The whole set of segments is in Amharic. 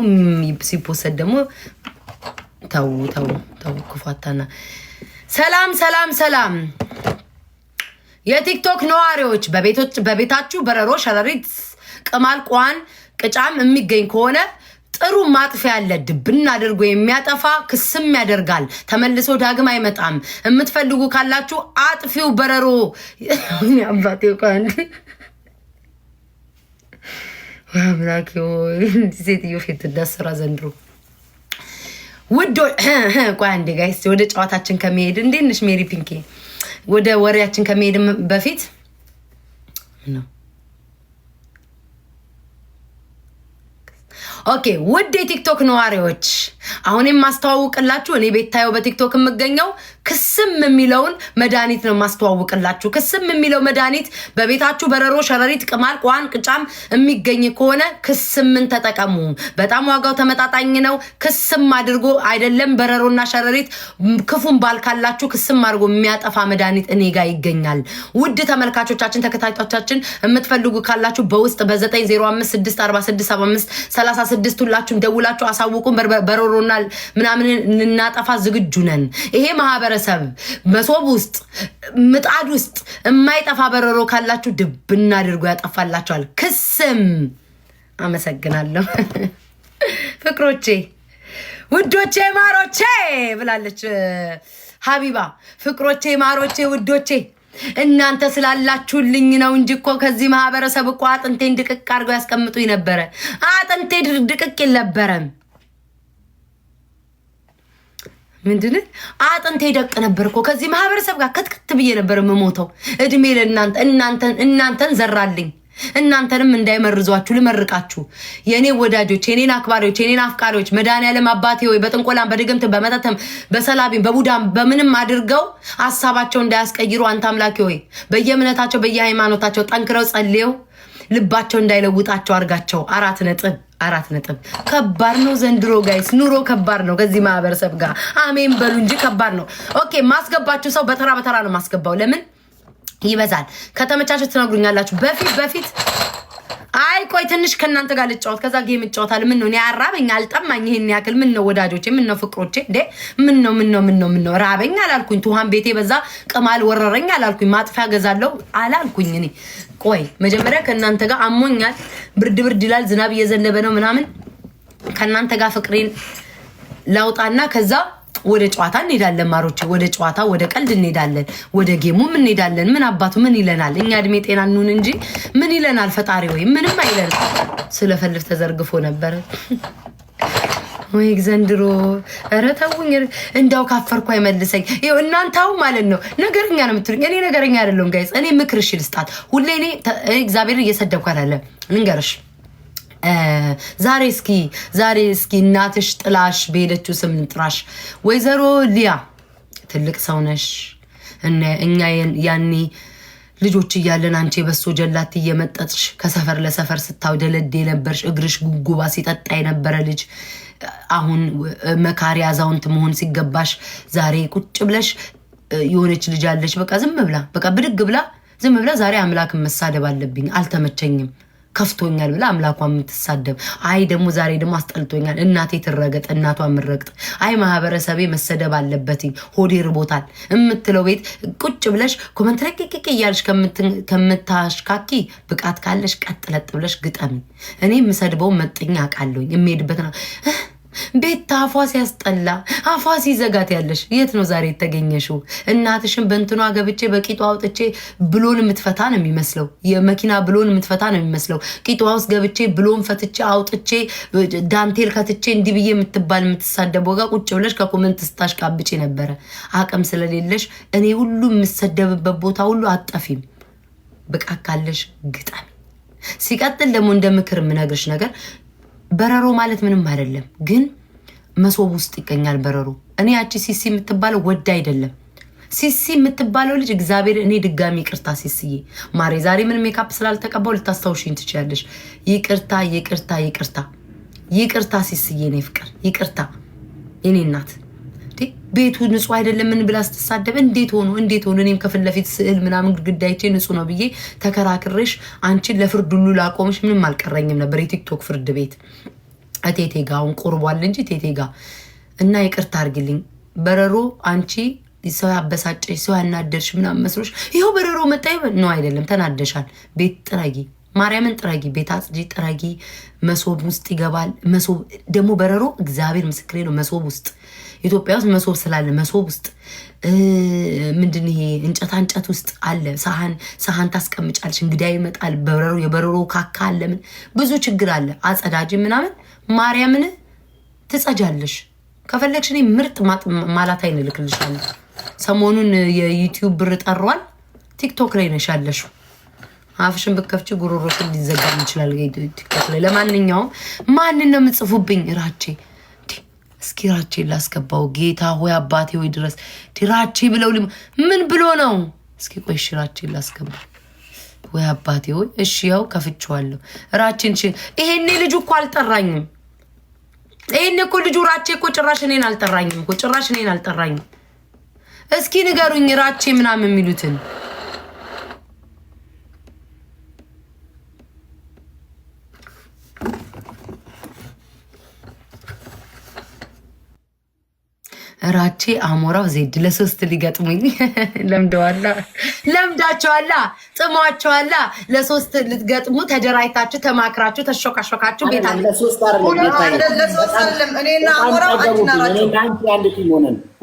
ደግሞ ሲፖሰድ ደግሞ ተው ተው ተው ሰላም ሰላም ሰላም የቲክቶክ ነዋሪዎች በቤታችሁ በረሮ፣ ሸረሪት፣ ቅማል፣ ቋን፣ ቅጫም የሚገኝ ከሆነ ጥሩ ማጥፊያ አለ። ድብን አድርጎ የሚያጠፋ ክስም ያደርጋል፣ ተመልሶ ዳግም አይመጣም። የምትፈልጉ ካላችሁ አጥፊው በረሮ አባቴ አምላክ ሴትዮ ፊት እንዳስራ ዘንድሮ ውዶ ቆይ አንዴ ጋይስ፣ ወደ ጨዋታችን ከመሄድ እንዴት ነሽ ሜሪ ፒንኬ? ወደ ወሬያችን ከመሄድ በፊት ነው ኦኬ ውድ የቲክቶክ ነዋሪዎች አሁን የማስተዋውቅላችሁ እኔ ቤታየው በቲክቶክ የምገኘው ክስም የሚለውን መድኃኒት ነው የማስተዋውቅላችሁ። ክስም የሚለው መድኃኒት በቤታችሁ በረሮ፣ ሸረሪት፣ ቅማል፣ ቋን፣ ቅጫም የሚገኝ ከሆነ ክስምን ተጠቀሙ። በጣም ዋጋው ተመጣጣኝ ነው። ክስም አድርጎ አይደለም በረሮና ሸረሪት ክፉን ባልካላችሁ ክስም አድርጎ የሚያጠፋ መድኃኒት እኔ ጋር ይገኛል። ውድ ተመልካቾቻችን፣ ተከታታዮቻችን የምትፈልጉ ካላችሁ በውስጥ በ905 646 ስድስት ሁላችሁም ደውላችሁ አሳውቁን። በሮሮና ምናምን ልናጠፋ ዝግጁ ነን። ይሄ ማህበረሰብ መሶብ ውስጥ ምጣድ ውስጥ የማይጠፋ በረሮ ካላችሁ ድብና አድርጎ ያጠፋላችኋል። ክስም አመሰግናለሁ ፍቅሮቼ፣ ውዶቼ፣ ማሮቼ ብላለች ሀቢባ። ፍቅሮቼ፣ ማሮቼ፣ ውዶቼ እናንተ ስላላችሁልኝ ነው እንጂ እኮ ከዚህ ማህበረሰብ እኮ አጥንቴን ድቅቅ አድርገው ያስቀምጡኝ ነበረ። አጥንቴ ድቅቅ የለበረም። ምንድን አጥንቴ ደቅ ነበር እኮ ከዚህ ማህበረሰብ ጋር ከትክት ብዬ ነበር የምሞተው። እድሜ ለእናንተ እናንተን ዘራልኝ እናንተንም እንዳይመርዟችሁ ልመርቃችሁ። የኔ ወዳጆች፣ የኔን አክባሪዎች፣ የኔን አፍቃሪዎች መድኃኒዓለም አባቴ ወይ በጥንቆላም በድግምትም በመተትም በሰላቢም በቡዳም በምንም አድርገው ሀሳባቸው እንዳያስቀይሩ አንተ አምላኬ ወይ በየእምነታቸው በየሃይማኖታቸው ጠንክረው ጸልየው ልባቸው እንዳይለውጣቸው አድርጋቸው። አራት ነጥብ አራት ነጥብ። ከባድ ነው ዘንድሮ ጋይስ፣ ኑሮ ከባድ ነው። ከዚህ ማህበረሰብ ጋር አሜን በሉ እንጂ ከባድ ነው። ኦኬ ማስገባችሁ ሰው በተራ በተራ ነው ማስገባው ለምን ይበዛል። ከተመቻቸው ትነግሩኛላችሁ። በፊት በፊት አይ ቆይ ትንሽ ከእናንተ ጋር ልጫወት፣ ከዛ ጌም እጫወታል። ምን ነው ያራበኝ አልጠማኝ ይህን ያክል ምን ነው ወዳጆቼ፣ ምን ነው ፍቅሮቼ፣ እንዴ ምን ነው ምን ነው ምን ነው ምን ነው ራበኝ አላልኩኝ። ትኋን ቤቴ በዛ ቅማል ወረረኝ አላልኩኝ። ማጥፊያ ገዛለሁ አላልኩኝ። እኔ ቆይ መጀመሪያ ከእናንተ ጋር አሞኛል፣ ብርድ ብርድ ይላል፣ ዝናብ እየዘነበ ነው ምናምን፣ ከእናንተ ጋር ፍቅሬን ላውጣና ከዛ ወደ ጨዋታ እንሄዳለን ማሮች፣ ወደ ጨዋታ ወደ ቀልድ እንሄዳለን፣ ወደ ጌሙም እንሄዳለን። ምን አባቱ ምን ይለናል? እኛ እድሜ ጤና እንሁን እንጂ ምን ይለናል ፈጣሪ? ወይም ምንም አይለን። ስለፈልፍ ተዘርግፎ ነበር ወይ ዘንድሮ ኧረ ተውኝ። እንዳው ካፈርኩ አይመልሰኝ። ይኸው እናንተው ማለት ነው ነገረኛ ነው የምትሉኝ። እኔ ነገረኛ አይደለሁም ጋይስ። እኔ ምክርሽ ልስጣት። ሁሌ እኔ እግዚአብሔር እየሰደብኩ አላለም ንገርሽ ዛሬ እስኪ ዛሬ እስኪ እናትሽ ጥላሽ በሄደችው ስም እንጥራሽ። ወይዘሮ ሊያ ትልቅ ሰው ነሽ። እኛ ያኔ ልጆች እያለን አንቺ የበሶ ጀላት እየመጠጥሽ ከሰፈር ለሰፈር ስታውደለድ የነበርሽ እግርሽ ጉጉባ ሲጠጣ የነበረ ልጅ አሁን መካሪ አዛውንት መሆን ሲገባሽ ዛሬ ቁጭ ብለሽ የሆነች ልጅ አለች። በቃ ዝም ብላ በቃ ብድግ ብላ ዝም ብላ ዛሬ አምላክን መሳደብ አለብኝ፣ አልተመቸኝም ከፍቶኛል ብላ አምላኳ የምትሳደብ አይ ደግሞ ዛሬ ደግሞ አስጠልቶኛል፣ እናቴ ትረገጥ፣ እናቷ ምረግጥ፣ አይ ማህበረሰቤ መሰደብ አለበትኝ፣ ሆዴ ርቦታል የምትለው ቤት ቁጭ ብለሽ ኮመንት ላይ ቅቅቅ እያለሽ ከምታሽካኪ ብቃት ካለሽ ቀጥለጥ ብለሽ ግጠሚ። እኔ የምሰድበው መጥኛ አውቃለሁኝ የምሄድበት ነው ቤት አፏ ሲያስጠላ አፏ ሲዘጋት ያለሽ የት ነው ዛሬ የተገኘሽው? እናትሽን በእንትኗ ገብቼ በቂጧ አውጥቼ ብሎን የምትፈታ ነው የሚመስለው። የመኪና ብሎን የምትፈታ ነው የሚመስለው። ቂጧ ውስጥ ገብቼ ብሎን ፈትቼ አውጥቼ ዳንቴል ከትቼ እንዲህ ብዬ የምትባል የምትሳደበው ጋር ቁጭ ብለሽ ከኮመንት ስታሽ ነበረ። አቅም ስለሌለሽ እኔ ሁሉ የምሰደብበት ቦታ ሁሉ አጠፊም። ብቃካለሽ ካለሽ ግጣሚ። ሲቀጥል ደግሞ እንደ ምክር የምነግርሽ ነገር በረሮ ማለት ምንም አይደለም ግን መሶብ ውስጥ ይገኛል በረሮ። እኔ ያቺ ሲሲ የምትባለው ወድ አይደለም ሲሲ የምትባለው ልጅ እግዚአብሔር፣ እኔ ድጋሚ ይቅርታ ሲስዬ፣ ማሬ ዛሬ ምን ሜካፕ ስላልተቀባው ልታስታውሽኝ ትችላለች ይቅርታ ሲስዬ፣ እኔ ፍቅር ይቅርታ፣ እኔ እናት ቤቱ ንጹህ አይደለም ምን ብላ ስትሳደብ እንዴት ሆኑ እንዴት ሆኖ እኔም ከፊት ለፊት ስዕል ምናምን ግድግዳ ይቼ ንጹህ ነው ብዬ ተከራክሬሽ አንቺን ለፍርድ ሁሉ ላቆምሽ ምንም አልቀረኝም ነበር የቲክቶክ ፍርድ ቤት እቴቴ ጋ አሁን ቁርቧል እንጂ እቴቴ ጋ እና ይቅርታ አድርግልኝ በረሮ አንቺ ሰው ያበሳጨሽ ሰው ያናደርሽ ምናምን መስሎሽ ይኸው በረሮ መጣ። ነው አይደለም፣ ተናደሻል። ቤት ጥረጊ ማርያምን ጥረጊ፣ ቤት አጽጂ፣ ጥረጊ። መሶብ ውስጥ ይገባል። መሶብ ደግሞ በረሮ እግዚአብሔር ምስክሬ ነው። መሶብ ውስጥ ኢትዮጵያ ውስጥ መሶብ ስላለ መሶብ ውስጥ ምንድን ይሄ እንጨታ እንጨት ውስጥ አለ። ሳህን ሳህን ታስቀምጫለሽ፣ እንግዳ ይመጣል። በረሮ የበረሮ ካካ አለ። ምን ብዙ ችግር አለ። አጸዳጅ ምናምን ማርያምን ትጸጃለሽ። ከፈለግሽ እኔ ምርጥ ማላት አይን እልክልሻለሁ። ሰሞኑን የዩቲዩብ ብር ጠሯል። ቲክቶክ ላይ ነሽ ያለሽው አፍሽን ብከፍች ጉሮሮሽን ሊዘጋም ይችላል። ቲክቶክ ላይ ለማንኛውም ማንን ነው የምጽፉብኝ? ራቼ እስኪ ራቼ ላስገባው። ጌታ ሆይ አባቴ ሆይ ድረስ ራቼ ብለው ምን ብሎ ነው? እስኪ ቆይ ራቼ ላስገባው ወይ አባቴ ሆይ። እሺ ያው ከፍቼዋለሁ። ራቼን ይሄኔ ልጁ እኮ አልጠራኝም። ይሄኔ እኮ ልጁ ራቼ እኮ ጭራሽ እኔን አልጠራኝም እኮ ጭራሽ እኔን አልጠራኝም። እስኪ ንገሩኝ ራቼ ምናምን የሚሉትን ራቼ አሞራው ዜድ ለሶስት ሊገጥሙኝ ለምደዋላ ለምዳቸዋላ ጥሟቸዋላ። ለሶስት ልትገጥሙ ተደራይታችሁ ተማክራችሁ ተሾካሾካችሁ ቤታ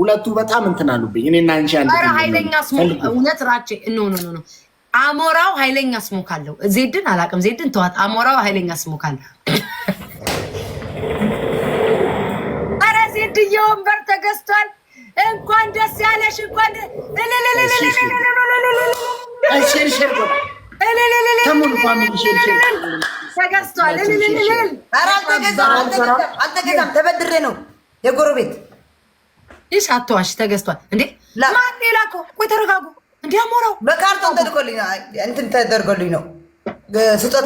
ሁለቱ በጣም እንትን አሉብኝ። እኔና አንቺ አንድ ኃይለኛ እውነት ራቼ ኖ ኖ ኖ አሞራው ኃይለኛ ስሞክ አለው። ዜድን አላውቅም። ዜድን ተዋት። አሞራው ኃይለኛ ስሞክ አለው። ውድዬ ወንበር ተገዝቷል። እንኳን ደስ ያለሽ። እንኳን ተገዝቷል። አልተገዛም፣ ተበድሬ ነው የጎረቤት ይሽ አትዋሽ፣ ተገዝቷል። እንዴ ማን ሌላኮ? ቆይ ተረጋጉ። እንዲ አሞራው በካርቶን ተደርጎልኝ እንትን ተደርጎልኝ ነው ስጦታ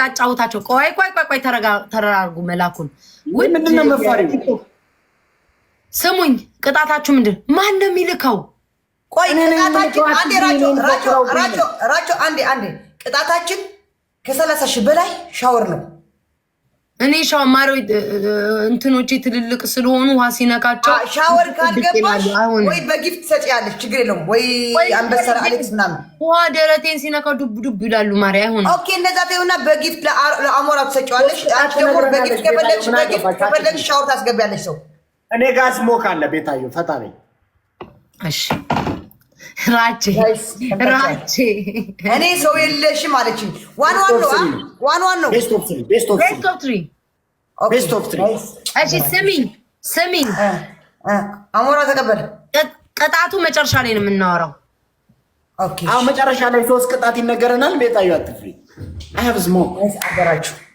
ላጫውታቸው። ቆይ ቆይ ቆይ ተረጋጉ። መላኩን ምንድነው መፋሪ ስሙኝ፣ ቅጣታችሁ ምንድን ማን ነው የሚልከው? ቆይ ቅጣታችን ራቸው አንዴ አንዴ ቅጣታችን ከሰላሳ ሺህ በላይ ሻወር ነው። እኔ ሻ ማሪ እንትኖች ትልልቅ ስለሆኑ ውሃ ሲነካቸው ሻወር ካልገባሽ ወይ በጊፍት ሰጪያለሽ፣ ችግር የለውም ወይ አንበሰር አሌክስ ምናምን ውሃ ደረቴን ሲነካው ዱብ ዱብ ይላሉ። ማሪ አይሆን ኦኬ፣ እነዛ ተይውና በጊፍት ለአሞራ ትሰጪዋለሽ። ደግሞ በጊፍት ከፈለግሽ በጊፍት ከፈለግሽ ሻወር ታስገቢያለሽ ሰው እኔ ጋ ስሞክ አለ። ቤታዩ ፈታ ነኝ። እሺ ራቼ ራቼ እኔ ሰው የለሽም አለችኝ። ዋን ዋን ነው ዋን ዋን ነው። ቤስት ኦፍ ትሪ ቤስት ኦፍ ትሪ እሺ ስሚኝ ስሚኝ፣ አሞራ ተቀበል። ቅጣቱ መጨረሻ ላይ ነው የምናወራው። አሁን መጨረሻ ላይ ሶስት ቅጣት ይነገረናል። ቤታዩ አትፍሪ። አይ ሃቭ ስሞክ አገራችሁ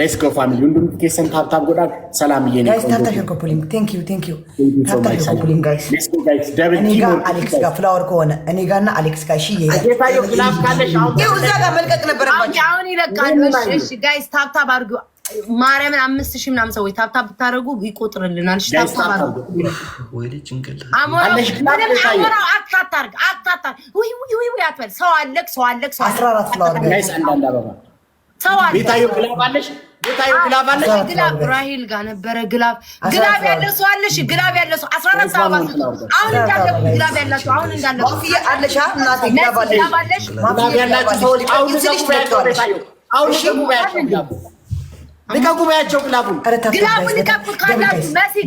ሌስኮ ፋሚሊ ሁንዱም ኬሰን ታብታብ ጎዳ ሰላም እየ አሌክስ ጋር ፍላወር ከሆነ እኔ ጋርና አሌክስ ጋር እሺ መልቀቅ ነበረባቸው። ማርያምን አምስት ሺህ ምናምን ሰዎች ታብታብ ብታደርጉ ይቆጥርልናል። ሰው አለቅ ሰው አለቅ ሰው ቤታዮ ግላብ አለሽ? ቤታዮ ግላብ አለሽ? ግላብ ራሂል ጋር ነበረ። ግላብ ግላብ ያለው ሰው አለሽ? ግላብ ያለው ሰው አስራ አራት አበባ አሁን እንዳለ ግላብ ያላቸው አሁን እንዳለ አለሽ? ልቀቁ በያቸው። ግላቡን ግላቡን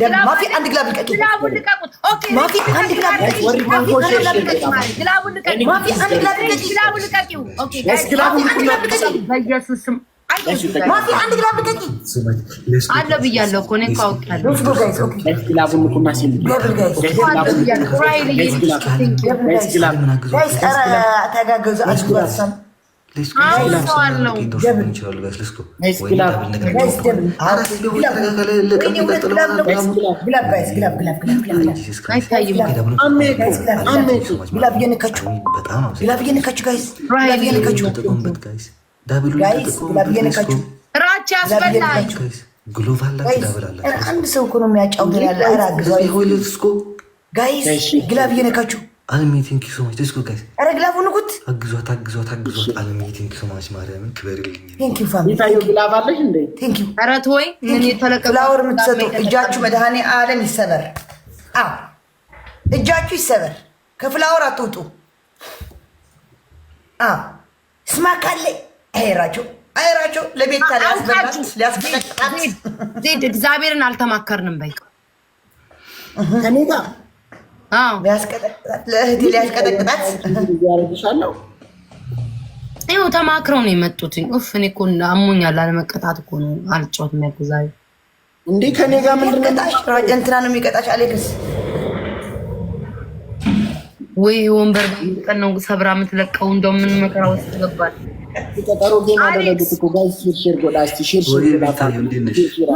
አለው ብያለሁ እኮ እኔ ግላብ እየነካችሁ አልሚ ቲንክ ዩ ሶ ማች ደስኩ ጋይስ ረግላፉ ንኩት አግዟት አግዟት አግዟት። አልሚ ቲንክ ዩ ሶ ማች ማርያምን ክበርልኝ። ቲንክ ዩ ፋሚሊ ግላፍ አለሽ እንዴ? ቲንክ አራት ወይ ምን የተለቀቀ ፍላወር የምትሰጡ እጃችሁ መድኃኔ ዓለም ይሰበር። አዎ እጃችሁ ይሰበር። ከፍላወር አትውጡ። አዎ ስማክ አለ አይራቸው አይራቸው ለቤት ታዲያ ያስበላት ሊያስበላት እግዚአብሔርን አልተማከርንም በይ ከኔ ጋር ለእህቴ ሊያስቀጠቅጣት ይኸው ተማክረው ነው የመጡት። ኡፍ እኔ እኮ አሞኛል። አለመቀጣት እኮ ነው አልጫወት የሚያገዛኝ እንዴ ከኔ ጋር ምንድንቀጣሽ? እንትና ነው የሚቀጣሽ። አሌክስ ወይ ወንበር ቀን ነው ሰብራ የምትለቀው። እንደው ምን መከራ ውስጥ ገባል። ቀጠሮ ጌም እኮ ጋይስ። ሽርሽር ጎዳ እስቲ ሽርሽር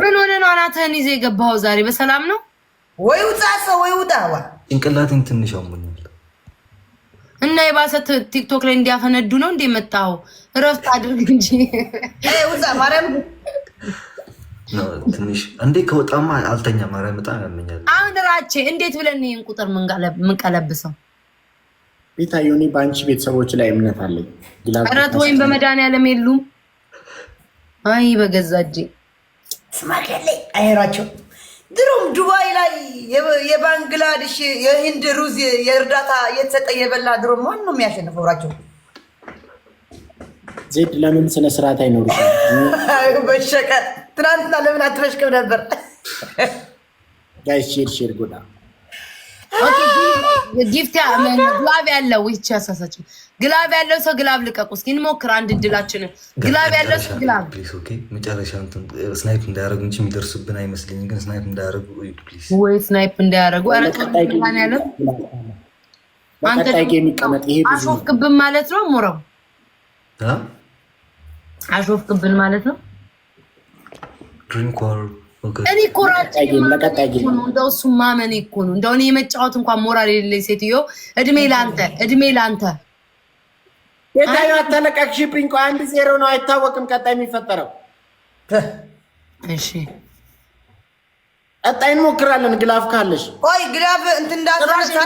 ምን ሆነ ነው አናትህን ይዘህ የገባኸው ዛሬ? በሰላም ነው ወይ? ውጣ ሰው ወይ ውጣ ዋ ጭንቅላትን ትንሽ አሞኛል እና የባሰ ቲክቶክ ላይ እንዲያፈነዱ ነው እንዴ መጣው? እረፍት አድርግ እንጂ ማርያም። ትንሽ እንዴ ከወጣማ አልተኛ ማርያም፣ በጣም ያመኛል። አሁን ራቼ እንዴት ብለን ይህን ቁጥር ምንቀለብሰው? ቤታዮ፣ እኔ በአንቺ ቤተሰቦች ላይ እምነት አለኝ። ረት ወይም በመድኃኒዓለም የሉም። አይ በገዛ እጄ ስማርሌ አይራቸው ድሮም ዱባይ ላይ የባንግላዴሽ የህንድ ሩዝ የእርዳታ የተሰጠ የበላ ድሮም ማን ነው የሚያሸንፈው? ዜድ ለምን ስነ ስርዓት አይኖሩ በሸቀ ትናንትና ለምን አትበሽቅም ነበር? ጋይ ሼር ሼር ጉዳ ጊፍት ግላብ ያለው ይቺ ያሳሳችው ግላብ ያለው ሰው ግላብ ልቀቁ እስኪ እንሞክር። አንድ እድላችንን ግላብ ያለው ሰው ግላብ ፕሊስ። ኦኬ መጨረሻ ስናይፕ እንዳያደርጉ እንጂ የሚደርሱብን አይመስለኝ፣ ግን ስናይፕ እንዳያደርጉ ወይ ስናይፕ እንዳያደርጉ ያለው አንተ የሚቀመጥ ይሄ አሾፍክብን ማለት ነው። ሙረው አሾፍክብን ማለት ነው። ድሪንክ ዋተር እኔ እኮ እንደው እሱ ማመኔ እኮ ነው። እንደው እኔ የመጫወት እንኳን ሞራል የሌለኝ ሴትዮ፣ እድሜ ለአንተ፣ እድሜ ለአንተ። የታዩ አተለቀቅሽብኝ። ቆይ አንድ ዜሮ ነው፣ አይታወቅም ቀጣይ የሚፈጠረው። እሺ ቀጣይ እንሞክራለን። ግላፍ ካለሽ ቆይ ግላፍ እንትን እንዳትረሳ